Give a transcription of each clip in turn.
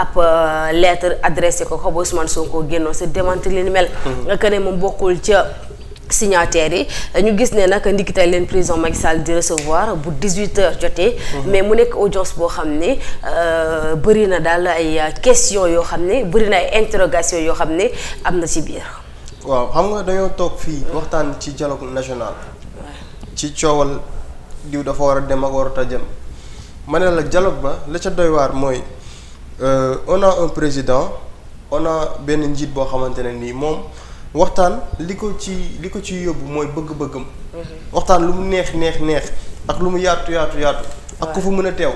ab euh, lettre adressé ko ko ba Ousmane Sonko génnoon sa démenti li ni mel mhm. que ne moom bokkul ca signataires yi ñu gis ne nag ndikital leen président Macky Sall di recevoir bu 18 heures jotee mhm. mais mu nekk audience boo xam ne euh, bëri na daal ay euh, question yoo xam ne bëri na ay interrogation yoo xam ne am na ci biir waaw xam nga dañoo toog fii waxtaan ci dialogue national ci coowal diw dafa war a dem ak warut jëm ma ne la dialogue ba la ca doy waar mooy euh, on président on benn njiit boo xamante ne nii moom waxtaan li ko ci li ko ci yóbbu mooy bëgg-bëggam. Mhm. waxtaan lu mu neex neex neex ak lu mu yaatu yaatu yaatu. ak ku fa mën a teew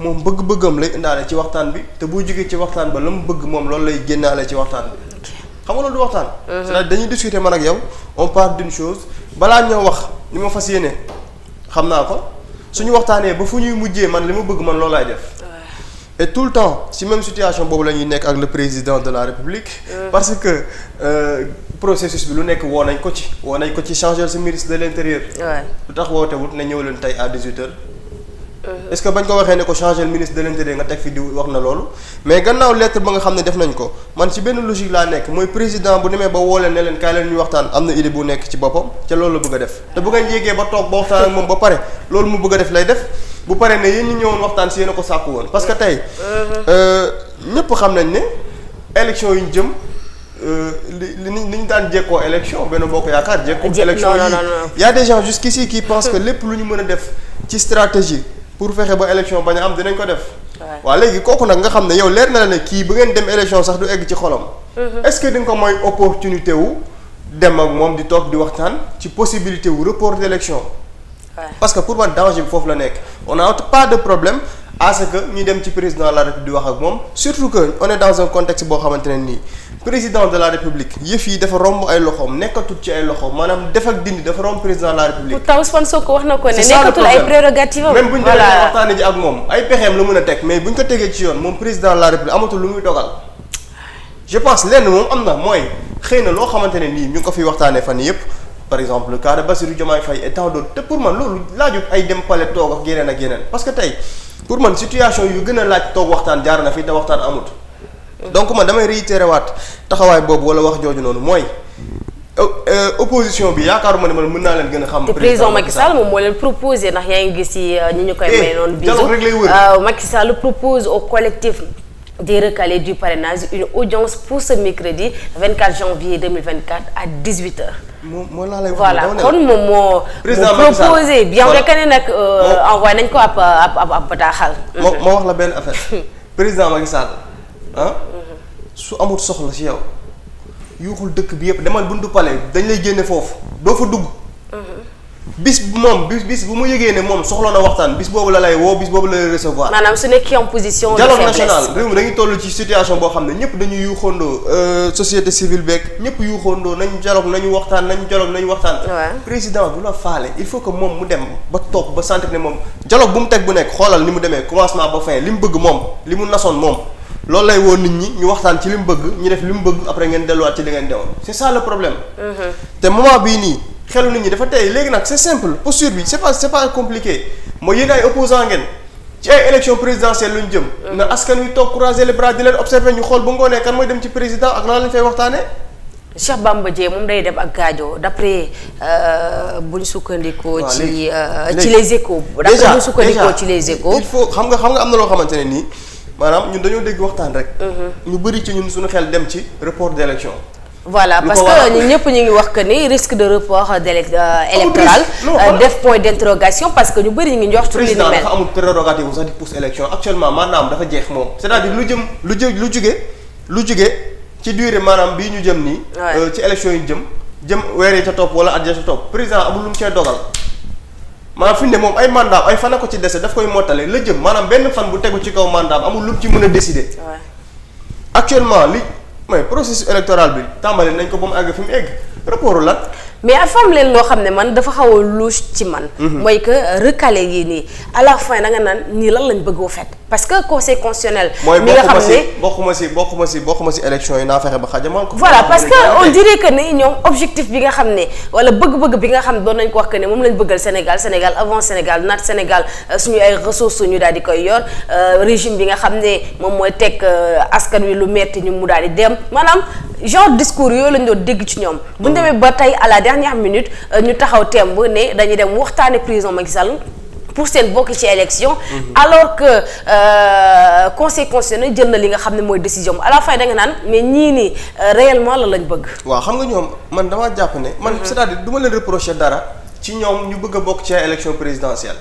moom bëgg-bëggam lay indaale ci waxtaan bi te boo jógee ci waxtaan ba la mu bëgg moom loolu lay génnaale ci waxtaan bi. xam nga loolu du waxtaan. Mhm. cest dañuy discuter man ak yow on parle d'une chose balaa ñoo wax li ma fas yéene xam naa ko suñu waxtaanee ba fu ñuy mujjee man li ma bëgg man loolu laay def. et tout le temps si même situation boobu la ñuy nekk ak le président de la république euh. parce que euh, processus bi lu nekk woo nañ ko ci woo nañ ko ci changer sa ministre de l'intérieur lu tax wootewut na ñëw leen tey à 18 euh. est-ce que bañ ko waxee ne ko changer le ministre de l'intérieur nga teg fi di wax na loolu mais gannaaw lettre ba nga xam ne def nañ ko man ci benn logique laa nekk mooy président bu demee ba woo leen ne leen kaay leen ñu waxtaan am bu nekk ci boppam ca loolu la bëgg a def te bu ngeen yéegee ba moom ba pare loolu mu bëgg def lay def bu paree ne yéen ñi ñëwoon waxtaan si yéen a ko sàkku woon parce que tey euh, ñëpp xam nañ ne élection yu ñu jëm euh, li ni ñu daan jekkoo élection benn bokk yaakaar jekkoo élection yi y a des gens jusqu'ici qui pensent que lépp lu ñu mën a def ci stratégie pour fexe ba élection bañ a am dinañ ko def waa léegi kooku nag nga xam ne yow leer na la ne kii ba ngeen dem élection sax du egg ci xolam mm-hmm. est-ce que di ko mooy opportunité wu dem ak moom di toog di waxtaan ci possibilité wu report d'élection parce que pour man danger bi foofu la nekk on n'a pas de problème à ce que ñu dem ci président de la république wax ak moom surtout que on est contexte boo xamante nii président de la république yëf yi dafa romb ay loxoom nekkatul ci ay loxoom maanaam def ak dindi dafa romb président la république. pourtant Ousmane Sonko wax na ko ne nekkatul ay prérogatives ak moom ay pexeem la mën a teg mais bu ko tegee ci yoon moom président la république amatul par exemple le cas de Bassirou Diomaye Faye et tant te pour man loolu laajut ay dem palais toog ak yeneen ak yeneen parce que tey pour man situation yu gën a laaj toog waxtaan jaar na fi te waxtaan amut. donc man damay réitéré waat taxawaay boobu wala wax jooju noonu mooy. Euh, euh, opposition bi yaakaaruma ne man mën naa leen gën a xam. président Macky Sall moom moo leen proposé ndax yaa ngi gis si euh, ñi ñu koy. Eh, may noonu bisu Macky Sall propose au collectif. des recalés du parrainage une audience pour ce mercredi 24 janvier 2024 à 18h. moo laa lay voilà kon moom moo. président Macky Sall proposé bien vrai nag euh, envoyé nañ ko ab ab ab moo wax la benn affaire président Macky Sall ah, su amul soxla si yow. yuuxul dëkk bi yëpp demal buntu palais dañ lay génne foofu doo fa dugg. Mhm. bis bu moom bis bis bu mu yëgee ne moom soxla a waxtaan bis boobu la lay woo bis boobu la lay recevoir. maanaam su nekkee en position. de faiblesse dialogue national réew mi dañuy toll ci situation boo xam ne ñëpp dañuy yuuxandoo euh, société civile beeg ñëpp yuuxandoo nañu dialogue nañu waxtaan nañu waxtaan. président du la faale il faut que moom mu dem ba toog ba sentir ne moom dialogue bu mu teg bu nekk xoolal ni mu demee commencement ba fin li mu bëgg moom li mu nasoon moom. loolu lay woo nit ñi ñu waxtaan ci li mu bëgg ñu def li mu bëgg après ngeen delluwaat ci li ngeen demoon c'est ça le problème. Mm-hmm. te moment xelu nit ñi dafa tey léegi nag c'est simple posture bi c'est pas c'est pas compliqué mooy yéen ay opposant ngeen ci ay élection présidentielle lu ñu jëm. Euh. na askan wi toog croiser les bras di leen observer ñu xool bu ngoonee kan mooy dem ci président ak lan lañ fay waxtaanee. Cheikh Bamba Dièye moom day dem ak gaajo d'après euh, bu ñu sukkandikoo. ci euh, ci les échos. déjà bu sukkandikoo ci les échos. il faut xam nga xam nga am na loo xamante ne nii maanaam ñun dañoo dégg waxtaan rek. Mhm. ñu bëri ci ñun suñu xel dem ci report d'élection. voilà parce que ñun ñëpp ñu ngi wax que ni risque de report euh, euh, électoral euh, def point d'interrogation parce que ñu bëri ñu ngi jox ci li président dafa amul prérogative sax di pousse élection actuellement maanaam dafa jeex moom c'est-à-dire lu jëm lu jë lu jugee lu jugee ci durée maanaam bii ñu jëm nii ci élection yi jëm jëm weer yi ca topp wala at ya ca topp président amul lu mu cee dogal maanaam fi mu ne moom ay mandat ay fan a ko ci dese daf koy mottale la jëm maanaam benn fan bu tegu ci kaw mandat amul lu mu ci mën a décider li mais processus électoral bi tàmbali nañ ko ba mu àgg fi mu egg rapport la mais dafa am leen loo xam ne man dafa xaw a ci man. Mhm. mooy que euh, recalé yi nii à la fin nga naan nii lan lañ bëggoo a fet parce que conseil constitutionnel. mi nga xam ne bokkuma si bokkuma si bokkuma si élection yi naa fexe ba xajamal ko. voilà parce que on bi nga xam ne wala bëgg-bëgg bi nga xam ne doon nañ ko wax que ne moom lañ bëggal Sénégal Sénégal avant Sénégal naat euh, ay ressources ñu daal di koy yor euh, régime bi nga xam ne moom mooy teg askan wi lu metti ñu mu daal di dem maanaam. genre discours yooyu lañ doon dégg ci ñoom. bu ñu demee ba tey à la dernière minute euh, ñu taxaw temb ne dañuy dem waxtaane prison Macky Sall pour seen bokk ci élection. Mhm. alors que euh, conseil constitutionnel jël na li nga xam ne mooy décision à la fin da nga naan mais ñii nii euh, réellement la lañ bëgg. waaw xam nga ñoom man damaa jàpp ne. man mhm. c'est-à-dire du ma leen reprocher dara ci ñoom ñu bëgg a bokk ci élection présidentielle.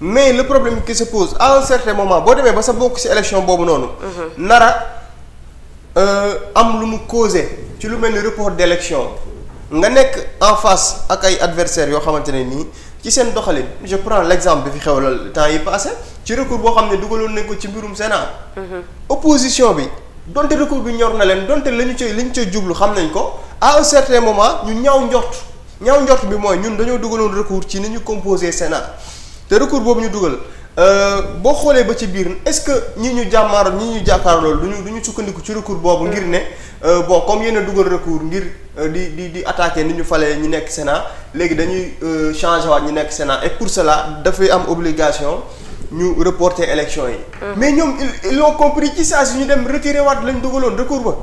mais le problème qui se pose à boo demee ba sa bokk ci élection boobu noonu. Mhm. Euh, am lu mu causé ci lu mel ni report d'élection nga nekk en face ak ay adversaires yoo xamante ne nii ci seen doxalin je prends l'exemple bi fi xew la temps yi passé ci recours boo xam ne dugaloon nañ ko ci mbirum Sénat. Mhm. opposition bi donte recours bi ñor na leen donte lañu cay liñ ca jublu xam nañ ko à un certain moment ñu ñaaw njort ñaw njort bi mooy ñun dañoo dugaloon recours ci ni ñu composé Sénat te recours boobu ñu dugal. Euh, boo xoolee ba ci biir est-ce que ñi ñu jàmmaaroon ñi ñu jàkkaarloo loolu duñu du ñu sukkandiku ci recours boobu ngir ne euh, bon comme yéen a dugal recours ngir euh, di di di attaquer ni ñu falee ñu nekk Sénat léegi dañuy changer waat ñu nekk Sénat et pour la dafay am obligation ñu reporter élection yi mm-hmm. mais ñoom ils l'ont compris ci saa si ñu dem retirer waat lañ dugaloon recours ba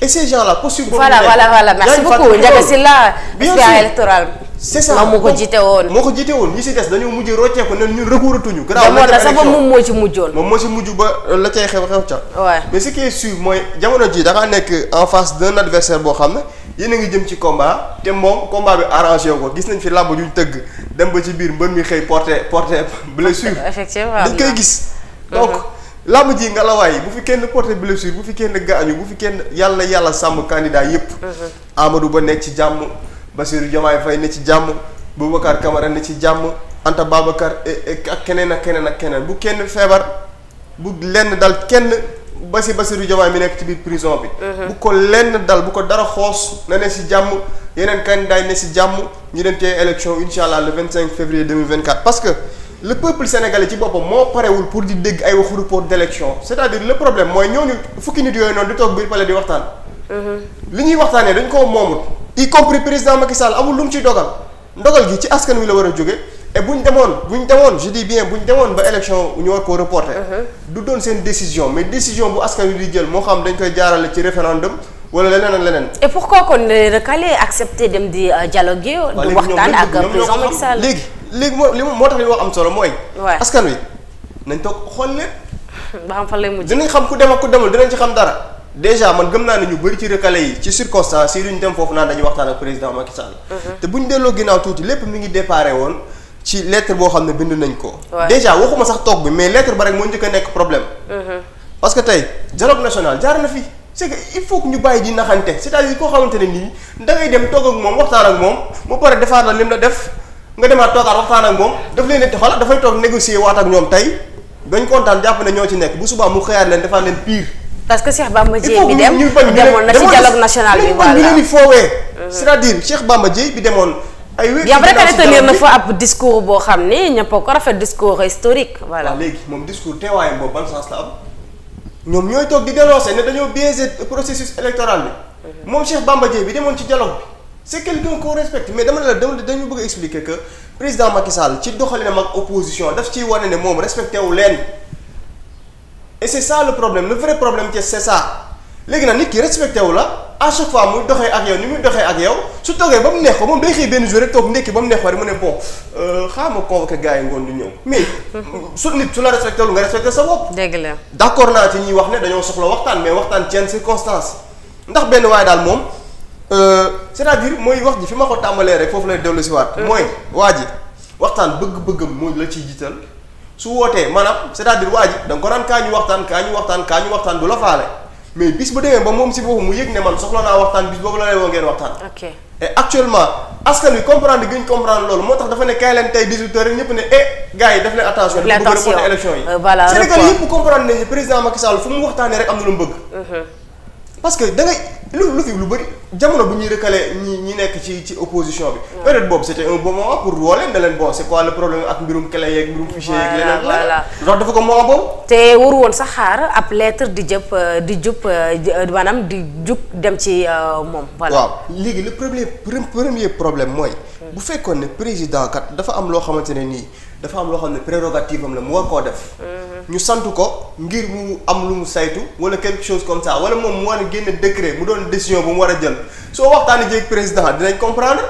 et ces gens là possible voilà voilà voilà merci beaucoup Ndiaga Sylla la électorale c'est ça moom moo ko jiite woon moo ko jiite woon ñi si des dañoo mujj rocceeku ne ñun recouratuñu garaaw moo tax sax ba moom moo ci mujjoon moom moo si mujj ba euh, la cay xew xew ca waaw mais mooy jamono ji da ngaa nekk en face d'un adversaire boo xam ne yéen a ngi jëm ci combat te moom combat bi arrangé ko gis nañ fi làmb juñ tëgg dem ba ci biir mbër mi xëy porté porté blessure dañ koy gis mm-hmm. donc làmb ji nga la waay bu fi kenn porté blessure bu fi kenn gaañu bu fi kenn yàlla yàlla sàmm candidat yépp mm-hmm. Amadou Ba nekk ci jàmm Bassirou Diomaye Faye ne ci jàmm Boubacar Camara ne ci jàmm Anta Babacar e, e, ak keneen ak keneen ak keneen bu kenn feebar bu lenn dal kenn ba si Bassirou Diomaye mi nekk ci biir prison bi. Mhm. bu ko lenn dal bu ko dara xoos na ne si jàmm yeneen candidat yi ne si jàmm ñu dem ci élection incha allah le 25 février 2024 parce que. le peuple sénégalais ci boppam moo parewul pour di dégg ay waxu report d'élection c'est-à-dire le problème mooy ñooñu fukki nit yooyu noonu di toog biir palais di waxtaan. Mhm. li ñuy waxtaanee dañ koo moomut. y compris président Macky Sall amul lu mu ci dogal ndogal gi ci askan wi la war a jóge et bu ñu demoon bu ñu demoon je dis bien bu ñu demoon ba élection ñu war koo reporter uh-huh. du doon seen décision mais décision bu askan wi di jël moo xam dañ koy jaarale ci référendum wala leneen ak leneen. pour pourquoi kon recalé accepter dem di euh, dialoguer. du waxtaan ak euh, président Macky Sall léegi léegi moo li moo tax li wax am solo mooy. askan wi nañ toog xool leen. ba xam fan lay mujj xam ku dem ak ku demul dinañ ci dara. déjà man gëm naa ne ñu bëri ci recalé yi ci circonstance yi duñ dem foofu naan dañuy waxtaan ak président Macky Sall. Mhm. te buñ delloo ginnaaw tuuti lépp mi ngi déparé woon ci lettre boo xam ne bind nañ ko. déjà waxuma sax toog bi mais lettre ba rek moo njëkk nekk problème. Mhm. parce que tey dialogue national jaar na fi. c'est il faut que ñu bàyyi di naxante c'est-à-dire koo xamante ne nii da dem toog ak moom waxtaan ak moom mu pare defaat la lim la def nga demaat toogaat waxtaan ak moom daf leen di xoolal dafay toog négocier waat ak ñoom tey bañ kontaan jàpp ne ñoo ci nekk bu subaa mu xëyaat leen defaat leen pire. parce que Cheikh Bamba Dièye bi dem demoon na ci dialogue national bi voilà ñu leen di foowee euh. cest à Bamba Dièye bi demoon ay wér bien vrai que retenir na fa ab discours boo xam ni ñëpp ko rafet discours historique voilà léegi moom discours teewaayam boobu ban sens la am ñoom ñooy toog di dénoncer ne dañoo biaisé processus électoral bi mhm. moom Cheikh Bamba Dièye bi demoon ci dialogue bi c'est quelqu'un qu'on respecte mais dama la dañu bëgg expliquer que président Macky Sall ci doxalinam ak opposition daf ciy wane ne moom respecté wu leen et c'est ça le problème le vrai problème c'est ça léegi nag nit ki respecté wu la à chaque fois muy doxee ak yow ni muy doxee ak yow su toogee ba mu neex ko moom day xëy benn jour rek toog ndekki ba mu neex ko rek mu ne bon euh, xaaral ma convoqué gars yi ngoon du ñëw mais. su nit su la respecté wul nga respecté sa bopp. dëgg la d'accord naa ci ñuy wax ne dañoo soxla waxtaan mais waxtaan ci yenn circonstance ndax benn waaye daal moom euh, c'est-à-dire mooy wax ji fi ma ko tàmbalee rek foofu lay dellu si waat. Mm. mooy waa ji waxtaan bëgg-bëggam moo la ciy jiital. su wootee maanaam c'est-à-dire waa ji da nga ko naan kaa ñu waxtaan kaa ñu waxtaan kaa ñu waxtaan du la faale mais bis bu demee ba moom si boobu mu yëg ne man soxla naa waxtaan bis boobu la lay ngeen waxtaan. ok actuellement askan wi comprendre gi ñu comprendre loolu moo tax dafa ne kaay leen tey 18h rek ñëpp ne eh yi def leen attention. dafa bëgg a reporter élection yi. Euh, voilà Sénégal comprendre nañu ne président Macky Sall fu mu waxtaanee rek parce que da ngay lu lu fi lu bëri jamono bu ñuy recalé ñi ñi nekk ci ci opposition bi. période boobu c'était un bon moment pour woo leen ne leen bon c'est quoi le problème ak mbirum clé yeeg mbirum fichier yeeg leneen. voilà loolu dafa ko moment boobu. te woon sax xaar ab di jëpp euh, di jub euh, euh, maanaam di jub dem ci moom. voilà waaw léegi le premier premier problème mooy. Hmm. bu fekkoon ne président kat dafa am loo xamante ne nii. dafa am loo xam ne prérogative am la mu war koo def. Mm-hmm. ñu sant ko ngir mu am lu mu saytu wala quelque chose comme ça wala moom mu war a génne décret mu doon décision bu mu war a jël soo waxtaanee jéeg président dinañ comprendre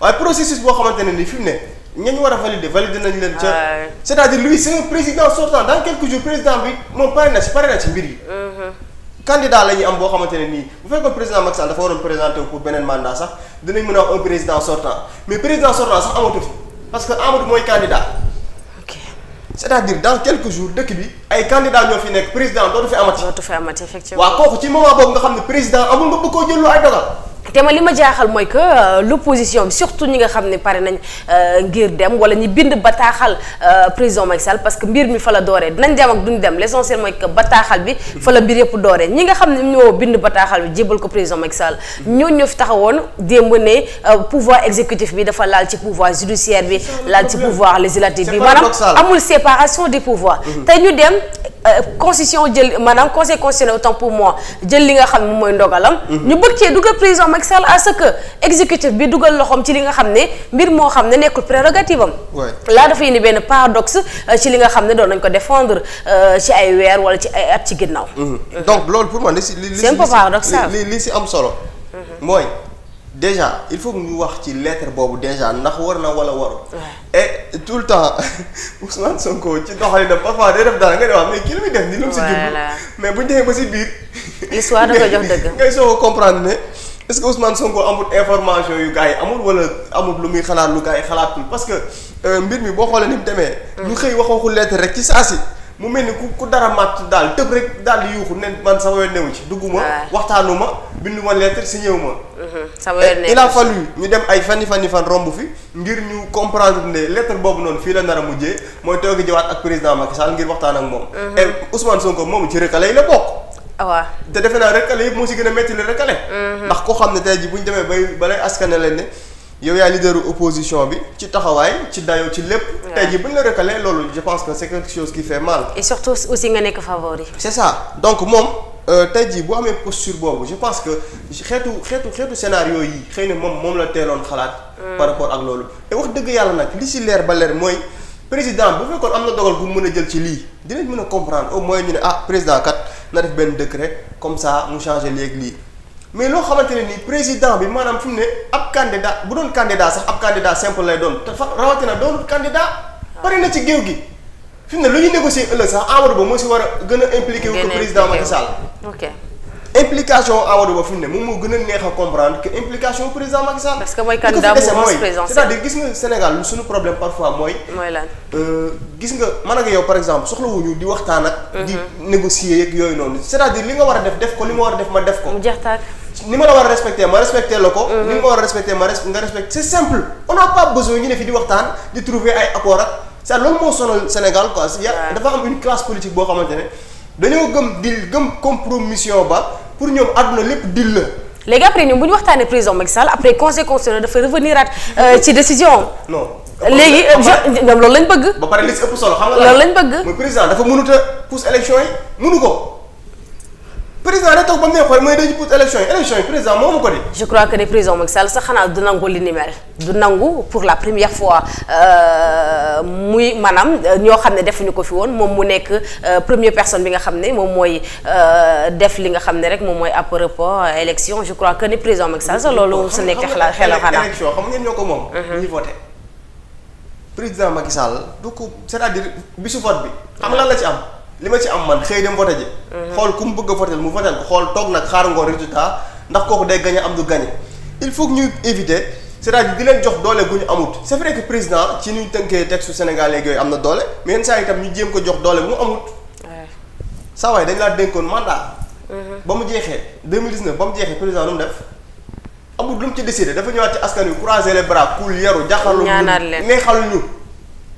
waaye processus boo xamante ne ni fi mu ne ñañ war a valider valider nañ leen. ca c'est-à-dire lui c'est un président sortant dans quelques jours président bi moom pare na ci pare na ci mbir yi. Mm-hmm. candidat la am boo xamante ne nii bu fekkoon président Macky Sall dafa waroon présenté pour beneen a am un président mais président sortant sax amatu fi parce que Amadou mooy candidat. ok c'est-à-dire dans quelques jours dëkk bi ay candidats ñoo fi nekk président dootu fi amati. dootu fi amati effectivement waaw kooku ci moment boobu nga xam ne président amul nga bëgg koo jël ay dogal. te ma li ma jaaxal mooy que euh, l'opposition bi surtout ñi nga xam ne pare nañ euh, ngir dem wala ñi bind bataaxal euh, président Macky Sall parce que mbir mi fa la dooree dinañ dem ak duñ dem l'essentiel mooy que bataaxal bi fa la mbir yëpp dooree ñi nga xam ne ñoo bind bataaxal bi jébal ko président Macky Sall ñoo ñoo fi taxawoon démb ne pouvoir exécutif bi dafa laal ci pouvoir judiciaire bi laal ci pouvoir législatif bi maanaam amul séparation des pouvoirs mm-hmm. te ñu dem constitution jël maanaam conseil constitutionnel autant moi jël li nga xam ne mooy ndogalam mm-hmm. Macky Sall à ce que exécutif bi dugal loxoom ci li nga xam ne mbir moo xam ne nekkul prérogative am. laa dafa indi benn paradoxe euh, ci li nga xam ne doon nañ ko défendre euh, ci ay weer wala ci ay at ci ginnaaw. Mhm. donc loolu pour moi li si li li si am solo. mooy déjà il faut que wax ci lettre boobu déjà ndax war na wala waru et tout le temps Ousmane Sonko ci doxalinam parfois day def dara nga ne waaw mais kii la muy def. ni lu mu si biir. l'histoire da jox a comprendre est-ce que Ousmane Sonko amul information yu gars yi amul wala amul lu muy xalaat lu gars yi xalaatul parce que euh, mbir mi boo xoolee ni mu demee. Mm. ñu xëy wax waxu lettre rek ci saa si mu mel ni ku dara matt daal tëb rek daal di yuuxu nen man sama yoon newu ci. dugguma waxtaanu ma bindu ma lettre si ñëw ma. Mm-hmm. sama yoon newu a fallu ñu dem ay fani fani fan romb fi ngir ñu comprendre ne lettre boobu noonu fii la nar a mujjee mooy toogi jëwaat ak président Macky Sall ngir waxtaan ak moom. Mm-hmm. et Ousmane Sonko moom ci rëkk la bokk. Ah, waaw te defe naa recalé yëpp moo si gën a métti le recalé. Mhm. ndax ko xam ne tey jii bu ñu demee bay balay askane leen ne yow yaa leaderu opposition bi ci taxawaay ci dayoo ci lépp. waaw tey jii ñu la recalé loolu je pense que c' est quelque chose qui fait mal. et surtout aussi nga nekk favori. c' est ça donc moom euh, tey jii bu amee posture boobu je pense que xeetu xeetu xeetu scénario yi xëy na moom moom la teeloon xalaat. Mm. par rapport ak loolu. te wax dëgg yàlla nag li si leer ba leer mooy. président bu fekkoon am na dogal bu mën a jël ci lii dinañ mën a comprendre au moins ñu ne ah président kat na def benn décret comme ça mu changé léegi lii mais loo xamante ne nii président bi maanaam fu mu ne ab candidat bu doon candidat sax ab candidat simple lay doon te fa rawatina doonul candidat pare na ci géew gi fi mu ne lu ñu négocier ëllëg sax Amadou Ba moo si war a gën a impliqué wu ko président Macky Sall ok implication Amadou Ba fu mu ne moom moo gën a neex a comprendre que implication président Macky Sall. parce que mooy candidat mouvance euh, par exemple waxtaan ak. Mhm. di yooyu noonu c'est-à-dire nga war a def def ko li ma war a ma def ko. mu jeex taag. ni ma a mhm. nga respecté c'est di waxtaan di trouver ay accords ak loolu moo sonal Sénégal quoi. waaw dafa am une classe politique boo xamante ne. dañoo gëm deal gëm compromission ba pour ñoom àdduna lépp deal la. léegi après ñoom bu ñu waxtaanee président Macky Sall après conseil constitutionnel dafa revenir at euh, ci décision non léegi ñoom loolu lañ bëgg. ba pare li si ëpp solo xam nga. loolu lañ bëgg. mooy président dafa mënut a pousse élection yi mënu ko. président day toog ba mu neexoon mooy dañu pour élection yi élection yi président moomu ko di. je crois que ne président Macky sax xanaa du nangu li du nangu pour la première fois euh, muy maanaam euh, ñoo xam ne ñu ko fi woon moom mu nekk euh, premier personne bi nga xam ne moom mooy def li nga xam ne rek moom mooy ab report élection je crois que ne président Macky Sall sax loolu su nekk xelal xelal xanaa. xam ngeen ñoo ko moom. Mhm. ñuy voté président Macky Sall du ko bi. xam lan li ma ci am man xëy dem voté ji. Mhm. xool ku mu bëgg a voté mu voté xool toog nag xaar ngoo résultat ndax kooku day gagné am du gagné il faut que ñuy éviter cest à di leen jox doole gu ñu amut c'est vrai que président ci ñu tënkee texte Sénégal léegi yooyu am na doole mais yenn saa itam ñu jéem ko jox doole mu amut. saa waay dañ laa dénkoon mandat. Mhm. ba mu jeexee 2019 ba mu jeexee président lu mu def. amul lu mu ci décidé dafa ñëwaat ci askan wi croiser les bras kuul yaru jaxalu. ñaanal leen neexalu ñu.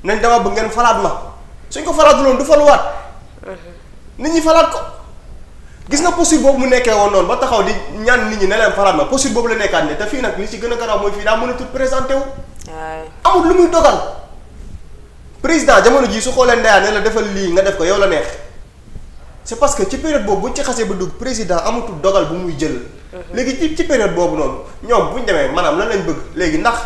nañ dama bëgg ngeen falaat ma suñ ko falaatuloon du faluwaat. nit ñi falaat ko gis na posture boobu mu nekkee woon noonu ba taxaw di ñaan nit ñi ne leen falaat ma posture boobu la nekkaat ne te fii nag li ci gën a garaaw mooy fii daa mënatul présenté wu. amul muy dogal président jamono jii su xoolee ndeyaa ne la defal lii nga def ko yow la neex c'est parce que ci période boobu buñ ci xasee ba dugg président amatul dogal bu muy jël. Mhm. léegi ci ci période boobu noonu ñoom ñu demee maanaam lan lañ bëgg léegi ndax.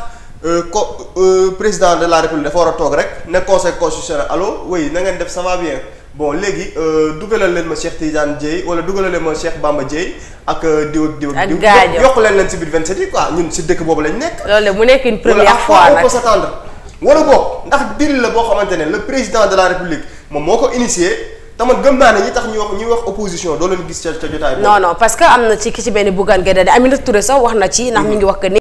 Euh, co euh, président de la république dafa war a toog rek ne conseil constitutionnel allo oui na ngeen def ça va bien. bon léegi euh, dugalal leen ma Cheikh Tidiane Dieye wala dugalal leen ma Cheikh Bamba Dieye ak euh, diw diw ak diw yokk leen leen si biir 27 yi quoi ñun si dëkk boobu lañ nekk. loolu mu nekk une première fois nag on peut s'attendre ndax dil la boo xamante ne le président de la république moom moo ko initié. tamat gëm naa tax ñuy wax ñuy wax opposition doo leen gis ca ca jotaay. non parce que am na ci ki ci benn Bougane Gueye Dany Aminata Touré sax na ci ndax mi